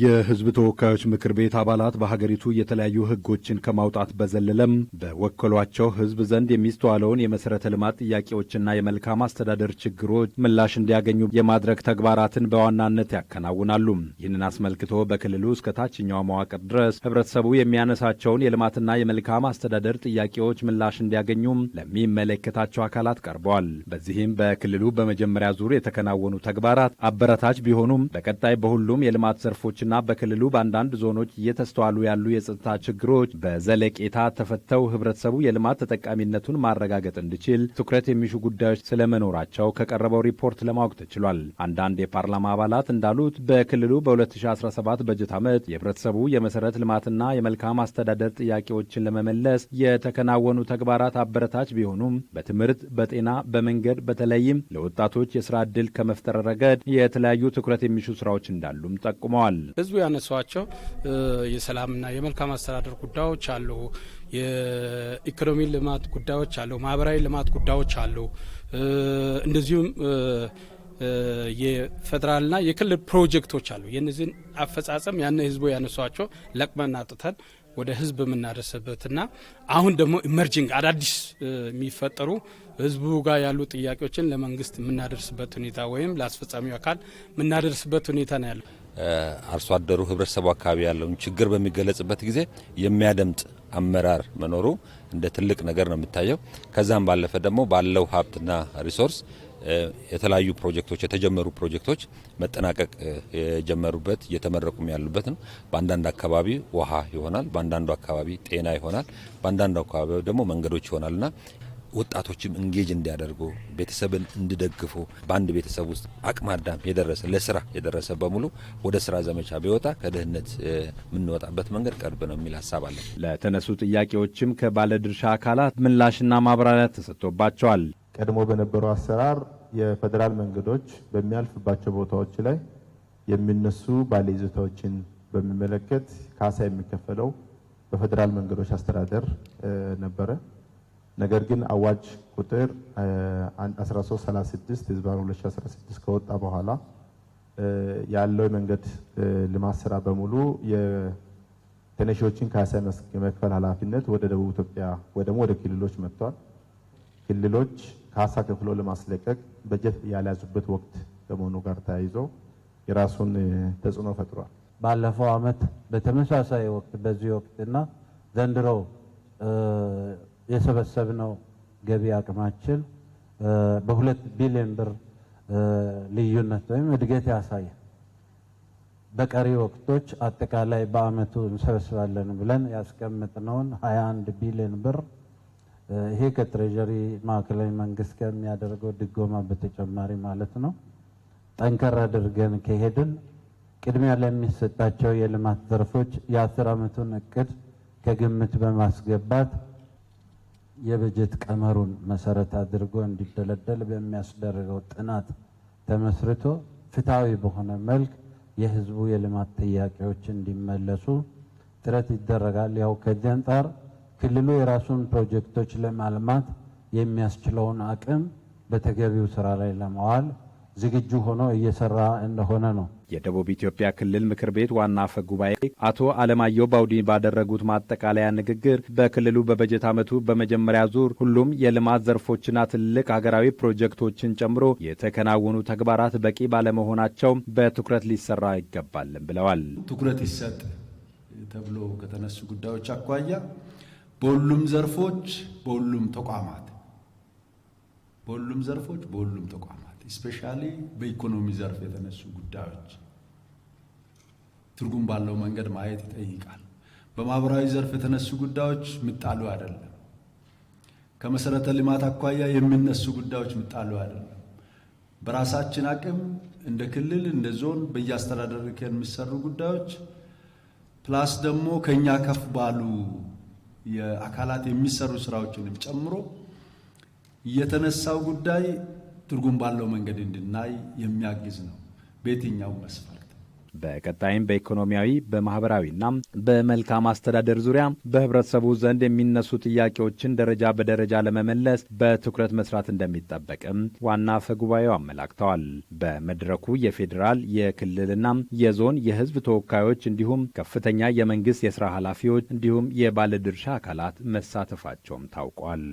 የህዝብ ተወካዮች ምክር ቤት አባላት በሀገሪቱ የተለያዩ ህጎችን ከማውጣት በዘለለም በወከሏቸው ህዝብ ዘንድ የሚስተዋለውን የመሠረተ ልማት ጥያቄዎችና የመልካም አስተዳደር ችግሮች ምላሽ እንዲያገኙ የማድረግ ተግባራትን በዋናነት ያከናውናሉ። ይህንን አስመልክቶ በክልሉ እስከ ታችኛው መዋቅር ድረስ ህብረተሰቡ የሚያነሳቸውን የልማትና የመልካም አስተዳደር ጥያቄዎች ምላሽ እንዲያገኙም ለሚመለከታቸው አካላት ቀርበዋል። በዚህም በክልሉ በመጀመሪያ ዙር የተከናወኑ ተግባራት አበረታች ቢሆኑም በቀጣይ በሁሉም የልማት ዘርፎች ከተሞችና በክልሉ በአንዳንድ ዞኖች እየተስተዋሉ ያሉ የጸጥታ ችግሮች በዘለቄታ ተፈተው ህብረተሰቡ የልማት ተጠቃሚነቱን ማረጋገጥ እንዲችል ትኩረት የሚሹ ጉዳዮች ስለመኖራቸው ከቀረበው ሪፖርት ለማወቅ ተችሏል። አንዳንድ የፓርላማ አባላት እንዳሉት በክልሉ በ2017 በጀት ዓመት የህብረተሰቡ የመሰረት ልማትና የመልካም አስተዳደር ጥያቄዎችን ለመመለስ የተከናወኑ ተግባራት አበረታች ቢሆኑም በትምህርት፣ በጤና፣ በመንገድ በተለይም ለወጣቶች የስራ ዕድል ከመፍጠር ረገድ የተለያዩ ትኩረት የሚሹ ስራዎች እንዳሉም ጠቁመዋል። ህዝቡ ያነሷቸው የሰላምና የመልካም አስተዳደር ጉዳዮች አሉ፣ የኢኮኖሚ ልማት ጉዳዮች አሉ፣ ማህበራዊ ልማት ጉዳዮች አሉ። እንደዚሁም የፌዴራልና የክልል ፕሮጀክቶች አሉ። የነዚህን አፈጻጸም ያነ ህዝቡ ያነሷቸው ለቅመን አጥተን ወደ ህዝብ የምናደርስበትና አሁን ደግሞ ኢመርጂንግ አዳዲስ የሚፈጠሩ ህዝቡ ጋር ያሉ ጥያቄዎችን ለመንግስት የምናደርስበት ሁኔታ ወይም ለአስፈጻሚው አካል የምናደርስበት ሁኔታ ነው ያለው። አርሶ አደሩ ህብረተሰቡ አካባቢ ያለውን ችግር በሚገለጽበት ጊዜ የሚያደምጥ አመራር መኖሩ እንደ ትልቅ ነገር ነው የሚታየው። ከዛም ባለፈ ደግሞ ባለው ሀብትና ሪሶርስ የተለያዩ ፕሮጀክቶች የተጀመሩ ፕሮጀክቶች መጠናቀቅ የጀመሩበት እየተመረቁም ያሉበት ነው። በአንዳንድ አካባቢ ውሃ ይሆናል፣ በአንዳንዱ አካባቢ ጤና ይሆናል፣ በአንዳንዱ አካባቢ ደግሞ መንገዶች ይሆናልና ወጣቶችም እንጌጅ እንዲያደርጉ ቤተሰብን እንዲደግፉ በአንድ ቤተሰብ ውስጥ አቅመ አዳም የደረሰ ለስራ የደረሰ በሙሉ ወደ ስራ ዘመቻ ቢወጣ ከድህነት የምንወጣበት መንገድ ቅርብ ነው የሚል ሀሳብ አለ። ለተነሱ ጥያቄዎችም ከባለድርሻ አካላት ምላሽና ማብራሪያ ተሰጥቶባቸዋል። ቀድሞ በነበረው አሰራር የፌዴራል መንገዶች በሚያልፍባቸው ቦታዎች ላይ የሚነሱ ባለይዞታዎችን በሚመለከት ካሳ የሚከፈለው በፌዴራል መንገዶች አስተዳደር ነበረ። ነገር ግን አዋጅ ቁጥር 1336 ህዝባዊ 2016 ከወጣ በኋላ ያለው የመንገድ ልማት ስራ በሙሉ የተነሺዎችን ካሳ የመክፈል ኃላፊነት ወደ ደቡብ ኢትዮጵያ ወይ ደግሞ ወደ ክልሎች መጥቷል። ክልሎች ካሳ ከፍሎ ለማስለቀቅ በጀት ያልያዙበት ወቅት ከመሆኑ ጋር ተያይዞ የራሱን ተጽዕኖ ፈጥሯል። ባለፈው ዓመት በተመሳሳይ ወቅት በዚህ ወቅትና ዘንድሮ የሰበሰብነው ገቢ አቅማችን በሁለት ቢሊዮን ብር ልዩነት ወይም እድገት ያሳያል። በቀሪ ወቅቶች አጠቃላይ በአመቱ እንሰበስባለን ብለን ያስቀምጥነውን 21 ቢሊዮን ብር ይሄ ከትሬጀሪ ማዕከላዊ መንግስት ከሚያደርገው ድጎማ በተጨማሪ ማለት ነው። ጠንከር አድርገን ከሄድን ቅድሚያ ለሚሰጣቸው የልማት ዘርፎች የአስር አመቱን እቅድ ከግምት በማስገባት የበጀት ቀመሩን መሰረት አድርጎ እንዲደለደል በሚያስደርገው ጥናት ተመስርቶ ፍትሐዊ በሆነ መልክ የህዝቡ የልማት ጥያቄዎች እንዲመለሱ ጥረት ይደረጋል። ያው ከዚህ አንጻር ክልሉ የራሱን ፕሮጀክቶች ለማልማት የሚያስችለውን አቅም በተገቢው ስራ ላይ ለማዋል ዝግጁ ሆኖ እየሰራ እንደሆነ ነው። የደቡብ ኢትዮጵያ ክልል ምክር ቤት ዋና አፈ ጉባኤ አቶ አለማየሁ ባውዲ ባደረጉት ማጠቃለያ ንግግር በክልሉ በበጀት ዓመቱ በመጀመሪያ ዙር ሁሉም የልማት ዘርፎችና ትልቅ ሀገራዊ ፕሮጀክቶችን ጨምሮ የተከናወኑ ተግባራት በቂ ባለመሆናቸው በትኩረት ሊሰራ ይገባልን ብለዋል። ትኩረት ይሰጥ ተብሎ ከተነሱ ጉዳዮች አኳያ በሁሉም ዘርፎች በሁሉም ተቋማት በሁሉም ዘርፎች በሁሉም ተቋማት ስፔሻሊ በኢኮኖሚ ዘርፍ የተነሱ ጉዳዮች ትርጉም ባለው መንገድ ማየት ይጠይቃል። በማህበራዊ ዘርፍ የተነሱ ጉዳዮች ምጣሉ አይደለም። ከመሰረተ ልማት አኳያ የሚነሱ ጉዳዮች ምጣሉ አይደለም። በራሳችን አቅም እንደ ክልል እንደ ዞን በየአስተዳደር የሚሰሩ ጉዳዮች ፕላስ ደግሞ ከኛ ከፍ ባሉ የአካላት የሚሰሩ ስራዎችንም ጨምሮ የተነሳው ጉዳይ ትርጉም ባለው መንገድ እንድናይ የሚያግዝ ነው በየትኛው መስፈርት። በቀጣይም በኢኮኖሚያዊ በማህበራዊና በመልካም አስተዳደር ዙሪያ በህብረተሰቡ ዘንድ የሚነሱ ጥያቄዎችን ደረጃ በደረጃ ለመመለስ በትኩረት መስራት እንደሚጠበቅም ዋና አፈ ጉባኤው አመላክተዋል። በመድረኩ የፌዴራል የክልልና የዞን የህዝብ ተወካዮች እንዲሁም ከፍተኛ የመንግስት የስራ ኃላፊዎች እንዲሁም የባለድርሻ አካላት መሳተፋቸውም ታውቋል።